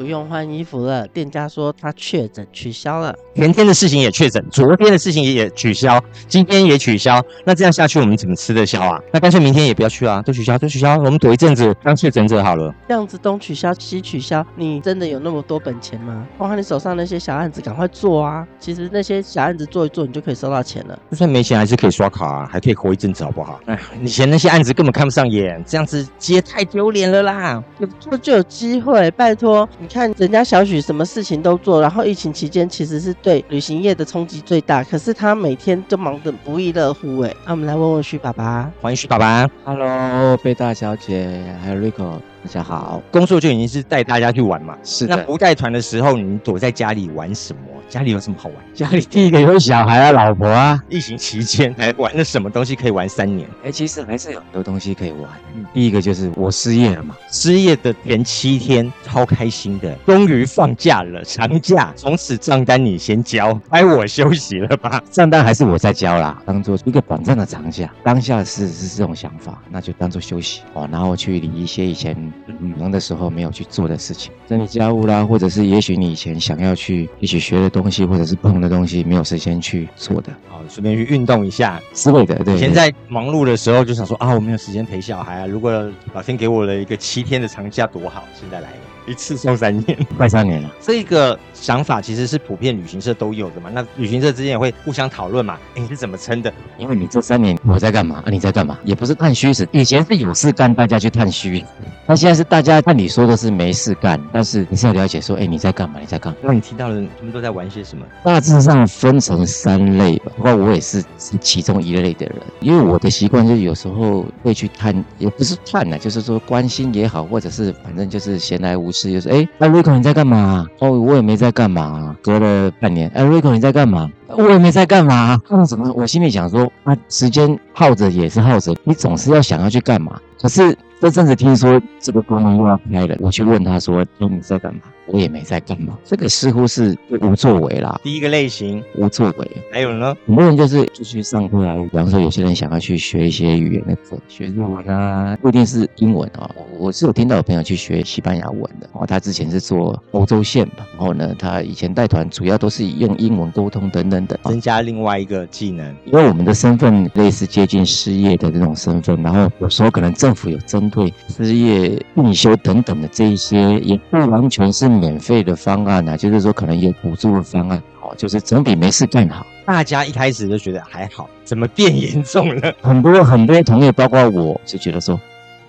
不用換衣服了，店家說他確診取消了，前天的事情也確診，昨天的事情也取消，今天也取消，那這樣下去我們怎麼吃得消啊？那乾脆明天也不要去啦，啊，都取消，都取消，我們躲一陣子，當確診者好了。這樣子東取消西取消，你真的有那麼多本錢嗎？包括你手上那些小案子，趕快做啊！其實那些小案子做一做，你就可以收到錢了。就算沒錢，還是可以刷卡啊，還可以活一陣子，好不好？哎，以前那些案子根本看不上眼，這樣子接太丟臉了啦。有做就有機會，拜托。看人家小許什麼事情都做，然後疫情期間其實是對旅行業的衝擊最大，可是他每天都忙得不亦樂乎哎。那、啊、我們來問問許爸爸，歡迎許爸爸，Hello，貝大小姐，還有 Rico。大家好，工作就已經是帶大家去玩嘛。是的，那不帶團的時候，你躲在家裡玩什麼？家裡有什麼好玩？家裡第一個有小孩啊，老婆啊，疫情期間還玩了什麼東西可以玩三年？哎、欸，其實還是有很多東西可以玩。嗯，第一個就是我失業了嘛，失業的前七天超開心的，終於放假了，長假，從此賬單你先交，該我休息了吧？賬單還是我在交啦，當作一個短暫的長假，當下是是這種想法，那就當作休息哦，然後去理一些以前。嗯，忙的時候沒有去做的事情，整理家務啦，或者是也許你以前想要去一起學的東西，或者是不同的東西，東西沒有時間去做的。好，順便去運動一下，是會的。以前在忙碌的時候就想說啊，我沒有時間陪小孩啊。如果老天給我了一個七天的長假，多好！現在來了一次送三年，快三年了。這個。想法其實是普遍旅行社都有的嘛，那旅行社之間也會互相討論嘛。你是怎麼撐的？因為你這三年我在幹嘛？啊、你在幹嘛？也不是探虛實，以前是有事幹，大家去探虛實。那現在是大家看你說的是沒事幹，但是你是要了解說，哎，你在幹嘛？你在幹嘛？那、哦、你聽到的人，他們都在玩些什麼？大致上分成三類吧。不過我也是其中一類的人，因為我的習慣就是有時候會去探，也不是探呢、啊，就是說關心也好，或者是反正就是閒來無事，就是哎，那瑞哥你在幹嘛？哦，我也沒在。幹嘛、啊？隔了半年，哎，瑞克你在幹嘛？我也沒在幹嘛、啊。那、嗯、怎麼？我心裡想說，啊，時間耗着也是耗着，你總是要想要去幹嘛？可、就是。這陣子聽說這個功能又要開了，我去問他說：“那你在幹嘛？”我也沒在幹嘛，這個似乎是無作為啦。第一個類型無作為，還有呢？很多人就是繼續上課啊，比方說有些人想要去學一些語言的課，誒學日文啊，不一定是英文哦。我是有聽到有朋友去學西班牙文的哦，他之前是做歐洲線吧，然後呢，他以前帶團主要都是用英文溝通等等等，哦，增加另外一個技能。因為我們的身份類似接近失業的這種身份，然後有時候可能政府有增對失業、進修等等的這一些也不完全是免費的方案啊，就是說可能有補助的方案，好，就是總比沒事更好。大家一開始都覺得還好，怎麼變嚴重了？很多很多同業，包括我就覺得說，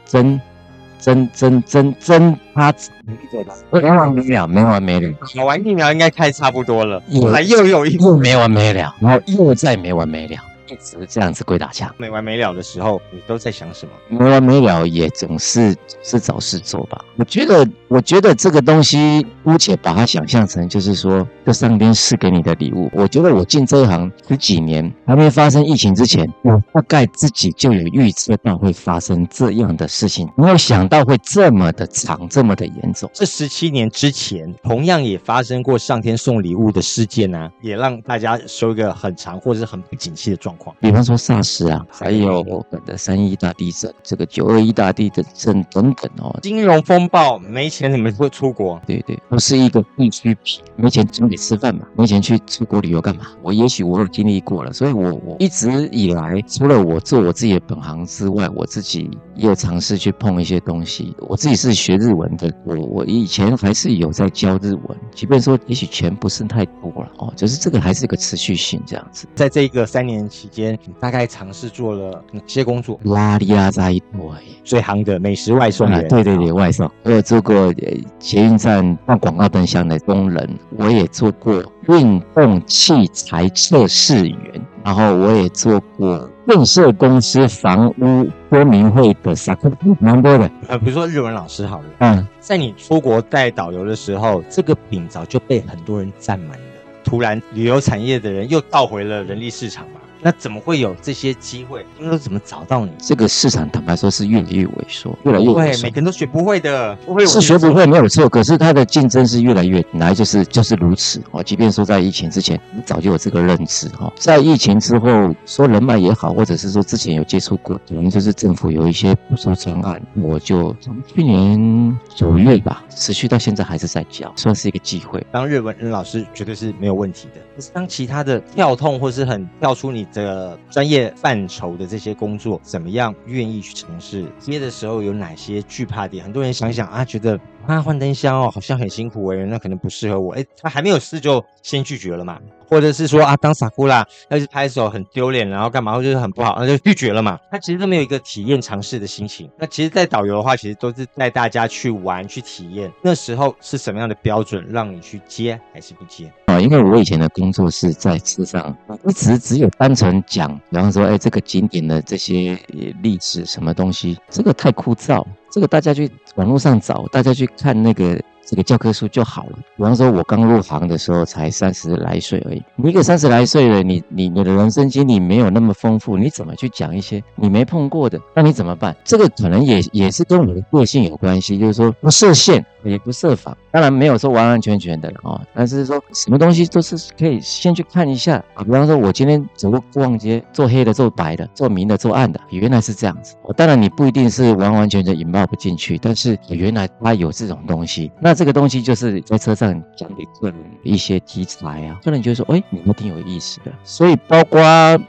真真真真真，他沒做完，沒完沒了，沒完沒了。打完疫苗應該開差不多了，又有一又沒完沒了，然後又再沒完沒了。一直這樣子鬼打牆，沒完沒了的時候，你都在想什麼？沒完沒了也總是總是找事做吧。我覺得，我覺得這個東西，姑且把它想象成就是說，這上天賜給你的禮物。我覺得我進這一行十幾年，還沒發生疫情之前，我大概自己就有預測到會發生這樣的事情，沒有想到會這麼的長，這麼的嚴重。這十七年之前，同樣也發生過上天送禮物的事件啊，也讓大家受一個很長或者是很不景氣的狀況。比方說薩斯啊，還有日本的三一大地震，這個九二一大地震等等哦。金融風暴，沒錢你們會出國啊？對對，不是一個必需品，沒錢請你吃飯嘛，沒錢去出國旅遊幹嘛？我也許我有經歷過了，所以我我一直以來除了我做我自己的本行之外，我自己也有嘗試去碰一些東西。我自己是學日文的，我我以前還是有在教日文，即便說也許錢不是太多了哦，就是這個還是個持續性這樣子，在這個三年期。今天大概嘗試做了哪些工作，拉里拉扎伊，最夯的美食外送員，對對對，外送。我有做過捷運站放廣告燈箱的工人，我也做過運動器材測試員，嗯、然後我也做過建設公司房屋說明會的撒客，蠻多的。呃、嗯，比如說日文老師好了。嗯，在你出國帶導遊的時候，這個餅早就被很多人占滿了。突然，旅遊產業的人又倒回了人力市場嘛。那怎麼會有這些機會？你們都怎麼找到你？這個市場坦白說是越來越萎縮，越來越萎縮，每個人都學不會的，不會是學不會沒有錯，可是它的競爭是越來越來，就是就是如此哦。即便說在疫情之前，你早就有這個認知哦。在疫情之後，說人脈也好，或者是說之前有接觸過，可能就是政府有一些不收專案，我就從去年九月吧，持續到現在還是在教，算是一個機會。當日文人老師絕對是沒有問題的，當其他的跳痛或是很跳出你，這個專業範疇的這些工作怎麼樣？願意去嘗試、試？接的時候有哪些懼怕點？很多人想想啊，覺得。啊，換燈箱哦，好像很辛苦誒，那可能不適合我。哎、欸，他還沒有試就先拒絕了嘛？或者是說啊，當傻瓜啦，要去拍手很丟臉，然後幹嘛？或就是很不好，那就拒絕了嘛？他其實都沒有一個體驗嘗試的心情。那其實，在導遊的話，其實都是帶大家去玩去體驗。那時候是什麼樣的標準讓你去接還是不接啊？因為我以前的工作是在車上，一直只有單純講，然後說，哎、欸，這個景點的這些例子，什麼東西，這個太枯燥，這個大家去網絡上找，大家去。看那個這個教科書就好了。比方說，我剛入行的時候才三十來歲而已。你一個三十來歲的，你你你的人生經歷沒有那麼豐富，你怎麼去講一些你沒碰過的？那你怎麼辦？這個可能也也是跟我的個性有關係，就是說不設限也不設法。當然沒有說完完全全的了、哦、啊，但是說什麼東西都是可以先去看一下。比方說，我今天走路逛街，做黑的，做白的，做明的，做暗的，原來是這樣子、哦。當然你不一定是完完全全引爆不進去，但是也原來他有這種東西。那這個東西就是在車上講給客人一些題材啊，客人就說：“哎、欸，你們挺有意思的。”所以包括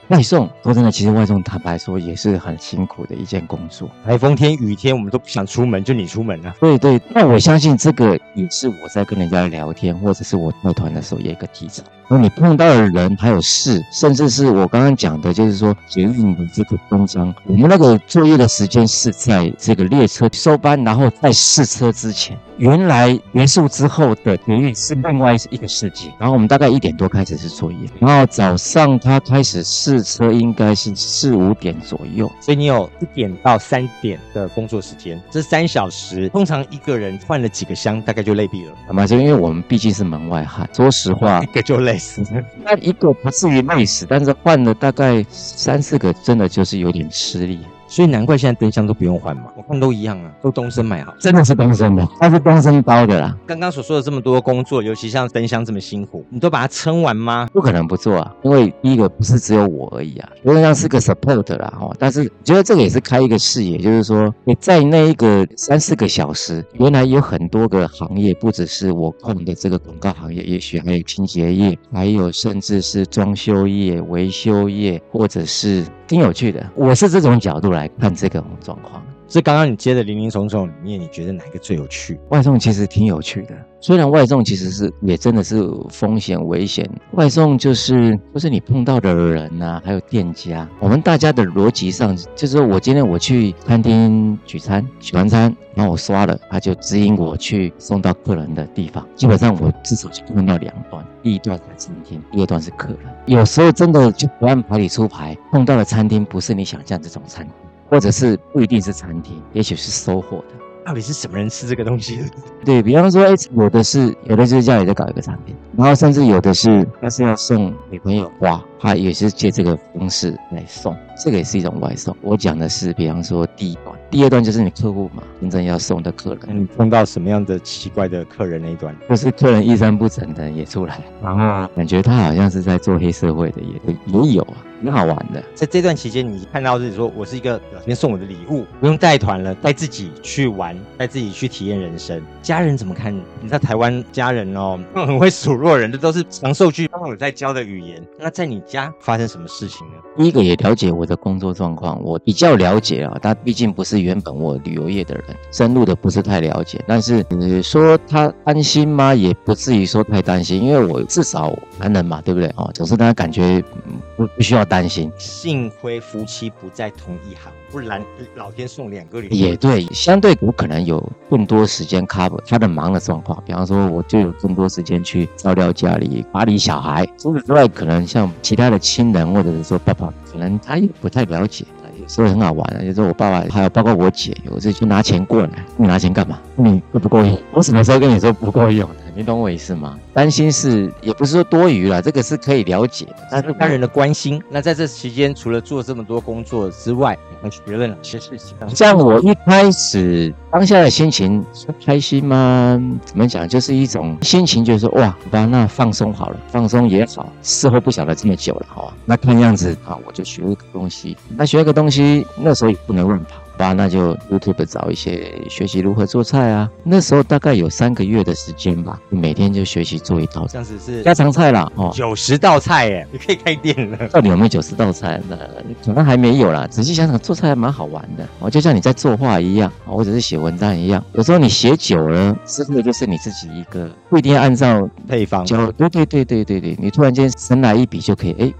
外送，說真的，其實外送坦白說也是很辛苦的一件工作。台風天、雨天，我們都不想出門，就你出門了、啊。對，對對，那我相信這個是我在跟人家聊天，或者是我樂團的時候有一個提早。然後你碰到的人還有事，甚至是我剛剛講的，就是說捷運的這個公章。我們那個作業的時間是在這個列車收班，然後在試車之前。原來元素之後的捷運是另外一一個世界，然後我們大概一點多開始是作業，然後早上他開始試車應該是四五點左右，所以你有一點到三點的工作時間。這三小時通常一個人換了幾個箱，大概就累。麻痹了，好嗎？就因為我們畢竟是門外漢，說實話，一個就累死了；那一個不至於累死，但是換了大概三四個，真的就是有點吃力。所以難怪現在燈箱都不用換嘛，我看都一樣啊，都東昇買好，真的是東昇的，它是東昇包的啦。剛剛所說的這麼多工作，尤其像燈箱這麼辛苦，你都把它撐完嗎？不可能不做啊，因為第一個不是只有我而已啊，我更像是個 support 啦。哦，但是覺得這個也是開一個視野，就是說你在那一個三四個小時，原來有很多個行業，不只是我控的這個廣告行業，也許還有清潔業，還有甚至是裝修業、維修業，或者是。挺有趣的，我是這種角度來看這個狀況。這剛剛你接的林林總總，你也你覺得哪個最有趣？外送其實挺有趣的，雖然外送其實是也真的是風險危險。外送就是不是你碰到的人吶、啊，還有店家，我們大家的邏輯上就是說我今天我去餐廳取餐，取完餐，然後我刷了，他就指引我去送到客人的地方。基本上我至少去碰到兩段，第一段才是餐廳，第二段是客人。有時候真的就不按牌理出牌，碰到的餐廳不是你想象這種餐廳。或者是不一定是餐廳，也許是收穫的。到底是什麼人吃這個東西？ 對，比方說，哎，有的是，有的是家裡在搞一個產品。然後甚至有的是，他是要送女朋友花，他也是借這個方式來送，這個也是一種外送。我講的是，比方說第一段，第二段就是你客戶嘛，真正要送的客人，那你碰到什麼樣的奇怪的客人那一段，就是客人衣衫不整的也出來，然後、啊哦、感覺他好像是在做黑社會的，也也有啊，很好玩的。在這段期間，你看到自己說我是一個別人送我的禮物，不用帶團了，帶自己去玩，帶自己去體驗人生。家人怎麼看？你在台灣家人哦，很會數。如果人的都是長壽句，幫我在教的語言。那在你家發生什麼事情呢？第一個也了解我的工作狀況，我比較了解啊。他畢竟不是原本我旅遊業的人，深入的不是太了解。但是你、呃、說他安心嗎？也不至於說太擔心，因為我至少男人嘛，對不對啊？總、哦，就是讓他感覺。嗯不需要擔心，幸虧夫妻不在同一行，不然老天送兩個人。也對，相對我可能有更多時間 cover 他的忙的狀況。比方說，我就有更多時間去照料家裡、管理小孩。除此之外，可能像其他的親人，或者是說爸爸，可能他也不太了解。有時候很好玩，有時候我爸爸還有包括我姐，有時候就拿錢過來，你拿錢幹嘛？你會不夠用，我什麼時候跟你說不夠用你懂我意思嗎？擔心是也不是說多餘了，這個是可以了解的，但是他人的關心。那在這期間，除了做這麼多工作之外，你還學了哪些事情，啊？像我一開始當下的心情開心嗎？怎麼講？就是一種心情，就是哇，把那放鬆好了，放鬆也好。事後不曉得這麼久了，好啊。那看樣子啊，我就學一個東西。那學一個東西，那時候也不能亂跑。啊，那就 YouTube 找一些學習如何做菜啊。那時候大概有三個月的時間吧，每天就學習做一道菜，這樣子是家常菜啦。哦，九十道菜耶，你可以開店了。到底有沒有九十道菜呢？可能還沒有啦。仔細想想，做菜還蠻好玩的，哦，就像你在作畫一樣，或者是寫文章一樣。有時候你寫久了，之後就是你自己一個，不一定要按照酒配方的。對對對對對對，你突然間生來一筆就可以哎。欸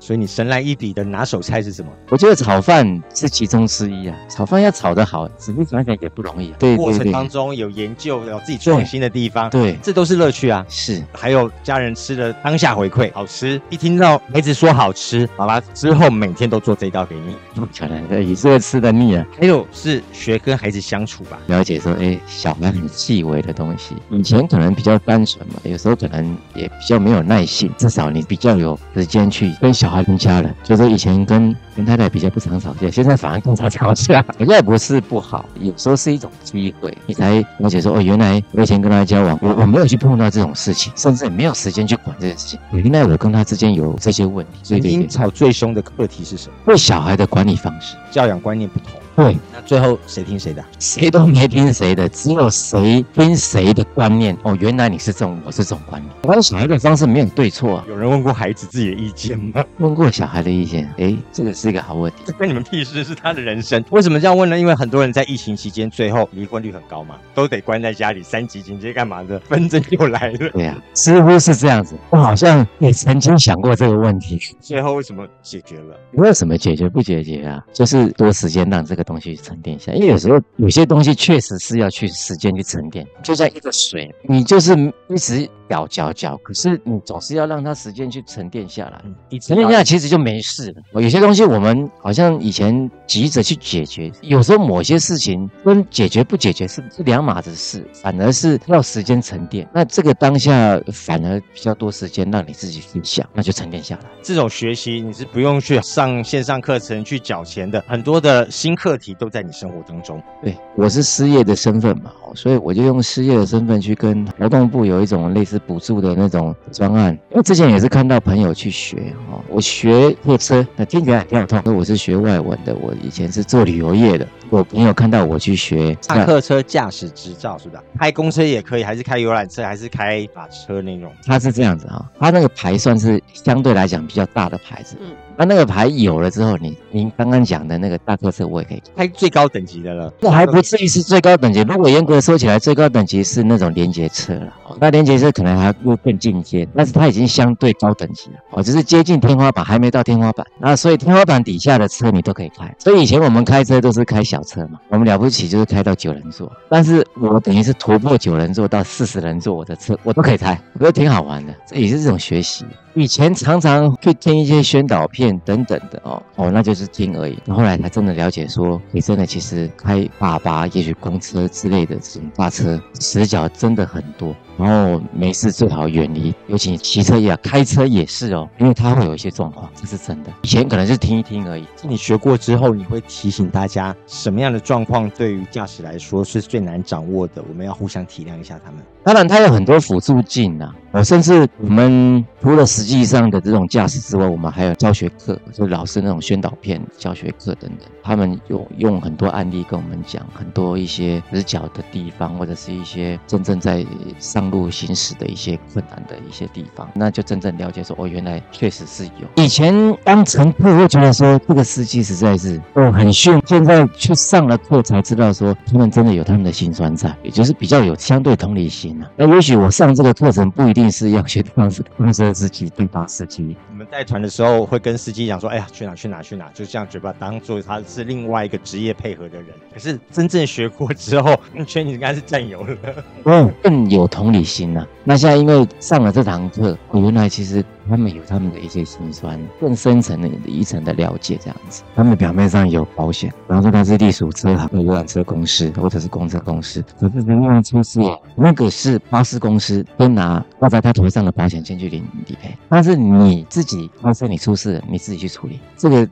所以你神來一筆的拿手菜是什麼？我覺得炒飯是其中之一啊。炒飯要炒得好，仔細想想也不容易，啊對。對對，對過程當中有研究，有自己創新的地方，對，對這都是樂趣啊。是，還有家人吃的當下回饋，好吃。一聽到孩子說好吃，好了之後每天都做這一道給你，不可能，你這個吃的膩啊。還有是學跟孩子相處吧。了解說，哎，小孩很細微的東西，嗯、以前可能比較單純嘛，有時候可能也比較沒有耐性，至少你比較有時間。去跟小孩跟家人。就是以前跟跟太太比較不常吵架，現在反而更常吵架。應該也 不是不好，有時候是一種機會，你才了解說，哦，原來我以前跟他交往，我我沒有去碰到這種事情，甚至也沒有時間去管這件事情。原來我跟他之間有這些問題。所以近吵最凶的課題是什麼？對小孩的管理方式，教養觀念不同。對，那最後誰聽誰的、啊？誰都沒聽誰的，只有誰聽誰的觀念。哦，原來你是這種，我是這種觀念。我發現小孩的方式沒有你對錯、啊。有人問過孩子自己的意見嗎？問過小孩的意見。哎，這個是一個好問題。這跟你們屁事？是他的人生。為什麼這樣問呢？因為很多人在疫情期間，最後離婚率很高嘛，都得關在家裡，三級警戒幹嘛的，紛爭就來了。對呀、啊，似乎是這樣子。我好像也曾經想過這個問題。最後為什麼解決了？為什麼解決不解決啊？就是多時間讓這個。東西沉澱一下，因為有時候有些東西確實是要去時間去沉澱，就像一個水，你就是一直攪攪攪，可是你總是要讓它時間去沉澱下來。嗯、沉澱下來其實就沒事了。有些東西我們好像以前急着去解決，有時候某些事情跟解決不解決是是兩碼子事，反而是要時間沉澱。那這個當下反而比較多時間讓你自己去想，那就沉澱下來。這種學習你是不用去上線上課程去繳錢的，很多的新課題都在你生活當中。對，我是失業的身份嘛，所以我就用失業的身份去跟勞動部有一種類似。補助的那種專案，因為之前也是看到朋友去學哈、哦，我學貨車，那聽起來還挺有通。我是學外文的，我以前是做旅遊業的。我朋友看到我去學，大客車駕駛執照是吧、啊？開公車也可以，還是開遊覽車，還是開馬車那種？他是這樣子哈，他、哦、那個牌算是相對來講比較大的牌子。嗯。那那個牌有了之後，你您剛剛講的那個大客車，我也可以開最高等級的了。這還不至於是最高等級，如果嚴格說起來，最高等級是那種連接車了、哦。那連接車可能還會更進階，但是它已經相對高等級了，哦，就是接近天花板，還沒到天花板。那所以天花板底下的車你都可以開。所以以前我們開車都是開小車嘛，我們了不起就是開到九人座，但是我等於是突破九人座到四十人座，我的車我都可以開，我覺得挺好玩的，這也是這種學習。嗯、以前常常去聽一些宣導片。等等的哦哦，那就是聽而已。後來他真的了解說，你真的其實開大巴，也許公車之類的這種大車，死角真的很多。然後沒事最好遠離，尤其騎車也，開車也是哦，因為它會有一些狀況，哦、這是真的。以前可能是聽一聽而已，你學過之後，你會提醒大家什麼樣的狀況對於駕駛來說是最難掌握的，我們要互相體諒一下他們。當然，它有很多輔助鏡吶、啊。我、哦、甚至我們除了實際上的這種駕駛之外，我們還有教學課，就老師那種宣導片、教學課等等。他們有用很多案例跟我們講很多一些死角的地方，或者是一些真正在上路行駛的一些困難的一些地方，那就真正了解說，哦，原來確實是有。以前當乘客會覺得說這個司機實在是哦很兇，現在去上了課才知道說他們真的有他們的辛酸在，也就是比較有相對同理心。那也許我上這個課程不一定是要學駕駛，認識司機、對巴司機。你們帶團的時候會跟司機講說：“哎呀，去哪去哪去哪”，就這樣，就把當做他是另外一個職業配合的人。可是真正學過之後，你覺得應該是戰友了，嗯、哦，更有同理心了、啊。那現在因為上了這堂課，我原來其實。他們有他們的一些辛酸，更深層的一層的了解，這樣子。他們表面上有保險，比方說他是隸屬車行、遊覽車公司，或者是公車公司。可是怎樣出事？耶那個是巴士公司，跟拿掛在他頭上的保險先去理理賠。但是你自己，發生、嗯，你出事了，你自己去處理。這個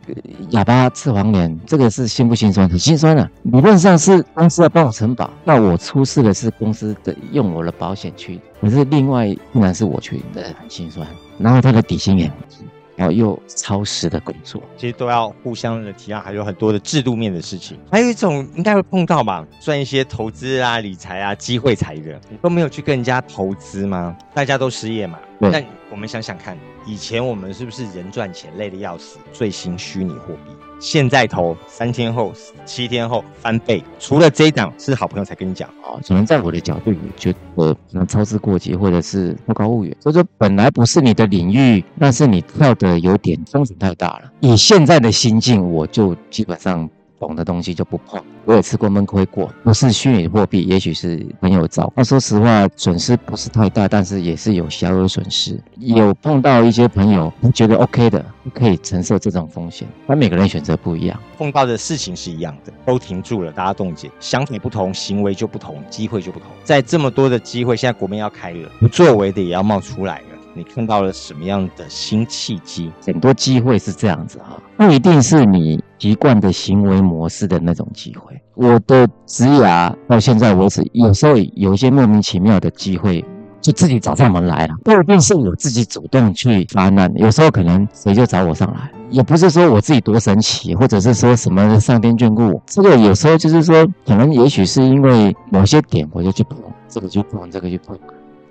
啞巴吃黃連，這個是辛不辛酸？很辛酸啊。理論上是公司要幫我承保，那我出事了是公司的用我的保險去。可是另外，不然是我去的很心酸，然後他的底薪也很低，然後又超時的工作，其實都要互相的體諒還有很多的制度面的事情。還有一種應該會碰到吧，賺一些投資啊、理財啊、機會財的，你都沒有去跟人家投資嗎？大家都失業嘛？那對我們想想看，以前我們是不是人賺錢累得要死，最新虛擬貨幣。現在投，三天後、七天後翻倍。除了這一檔是好朋友才跟你講啊，只能在我的角度，我覺得可能操之過急，或者是好高騖遠。所以說，本來不是你的領域，但是你跳的有點風險太大了。以現在的心境，我就基本上。懂的東西就不碰。我也吃過悶虧過，不是虛擬貨幣，也許是朋友找。那說實話，損失不是太大，但是也是有小有損失。有碰到一些朋友覺得 OK 的，可以承受這種風險。但每個人選擇不一樣，碰到的事情是一樣的，都停住了，大家凍結。想法不同，行為就不同，機會就不同。在這麼多的機會，現在國門要開了，不作為的也要冒出來了。你碰到了什麼樣的新契機？很多機會是這樣子哈，不一定是你。習慣的行為模式的那種機會，我的職涯到現在為止，有時候有一些莫名其妙的機會，就自己找上門來了。不爾變是有自己主動去發難，有時候可能誰就找我上來，也不是說我自己多神奇，或者是說什麼上天眷顧我。這個有時候就是說，可能也許是因為某些點，我就去碰這個，去碰這個，去碰。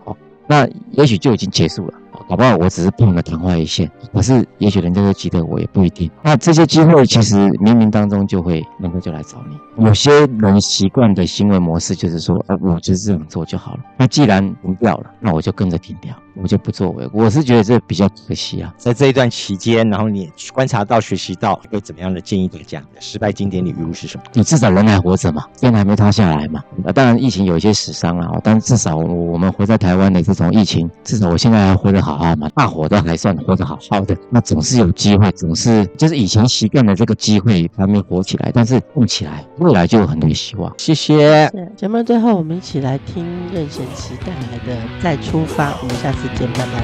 好，那也許就已經結束了。搞不好我只是碰了個曇花一現，可是也許人家都記得我，也不一定。那這些機會其實冥冥當中就會能夠就來找你。有些人習慣的行為模式就是說，呃、啊，我就是這樣做就好了。那既然停掉了，那我就跟着停掉，我就不作為。我是覺得這比較可惜啊。在這一段期間，然後你觀察到、學習到，會怎麼樣的建議給大家？失敗經典語錄是什麼？你至少人還活着嘛，天還沒塌下來嘛。那、啊、當然，疫情有一些死傷啊，但至少我們活在台灣的這種疫情，至少我現在還活得好。啊嘛，大夥都還算活得好好的，那總是有機會，總是就是以前習慣了這個機會，還沒活起來，但是動起來，未來就有很多希望。謝謝。節目最後，我們一起來聽任賢齊帶來的《再出發》，我們下次見，拜拜。